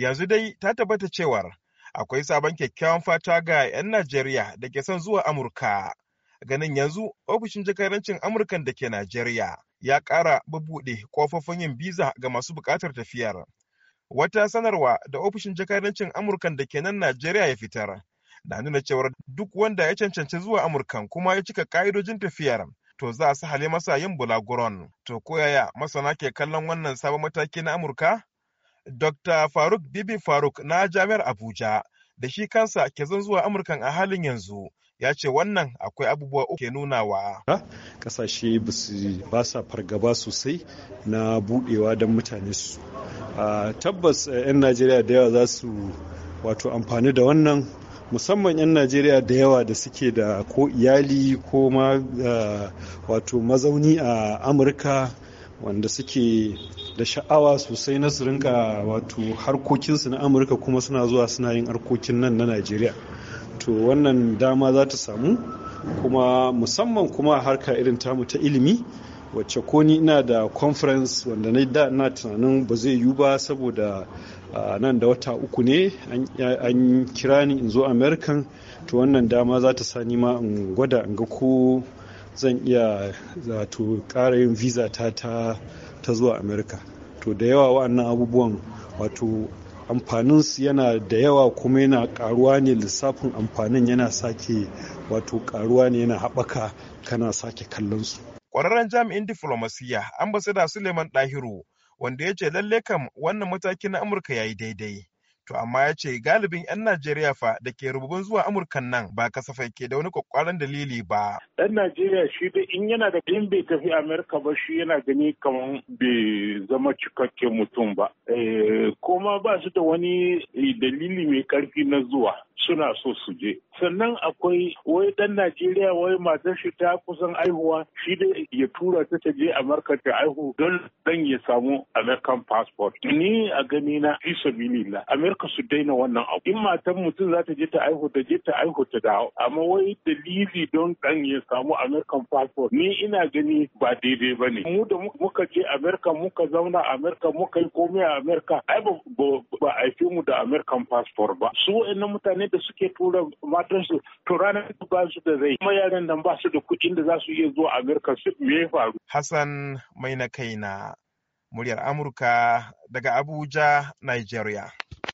Yanzu dai ta tabbata cewar akwai sabon kyakkyawan fata ga 'yan Najeriya da ke son zuwa Amurka. Ganin yanzu ofishin jakarancin Amurkan da ke Najeriya ya ƙara bubuɗe ƙofofin yin biza ga masu buƙatar tafiyar. Wata sanarwa da ofishin jakarancin Amurkan da ke nan Najeriya ya fitar na nuna cewar duk wanda ya cancanci zuwa Amurkan kuma ya cika ƙa'idojin tafiyar to za su sahale masa yin bulaguron. To koyaya masana ke kallon wannan sabon mataki na Amurka? Dr. Faruk Bibi Faruk na Jami'ar Abuja da shi kansa ke zan zuwa Amurkan a halin yanzu ya ce wannan akwai abubuwa uku ke nunawa. Kasashe ba sa fargaba sosai na buɗewa don mutane su. Tabbas eh, 'yan Najeriya da yawa za su wato amfani da wannan musamman 'yan najeriya da yawa da suke da ko iyali ko ma eh, wato mazauni a amurka wanda suke da sha'awa sosai na su rinka wato harkokinsu na amurka kuma suna zuwa suna yin harkokin nan na najeriya to wannan dama za ta samu kuma musamman kuma harka irin tamu ta ilimi wacce ko ni ina da conference wanda na da na tunanin ba zai yiwu ba saboda nan da wata uku ne an kira ni in zo american to wannan dama za ta sani ma in gwada in ga ko zan iya zato ƙara yin visa ta ta zuwa amerika to da yawa wa'annan abubuwan wato su yana da yawa kuma yana karuwa ne lissafin amfanin yana sake wato karuwa ne yana haɓaka kana sake kallon su. Ƙwararren jami'in diflomasiyya ambasada Suleiman Dahiru wanda ya ce lalle kam wannan mataki na Amurka ya yi daidai. To amma ya ce galibin 'yan Najeriya fa da ke rububin zuwa Amurkan nan ba kasafai ke da wani kwakwaran dalili ba. Ɗan Najeriya shi da in yana da in bai tafi Amurka ba shi yana gani kamar bai zama cikakke mutum ba. Eh, Kuma ba su da wani eh, dalili mai karfi na zuwa. suna so su je. Sannan akwai wai ɗan Najeriya wai matar shi ta kusan aihuwa shi da ya tura ta ta je Amurka ta aihu don dan ya samu American passport. Ni a gani na isa la. Amerika su daina wannan abu. In matan mutum za ta je ta aihu ta je ta aihu ta dawo. Amma wai dalili don dan ya samu American passport ni ina gani ba daidai ba ne. Mu da muka je Amerika muka zauna Amerika muka yi komai a Amerika ai ba a haife mu da American passport ba. Su wa'annan mutane da suke tura matansu to ranar ba su da zai kuma yaran nan ba su da kuɗin da za su iya zuwa Amurka su me ya faru. Hassan mai na kaina muryar Amurka daga Abuja, Nigeria.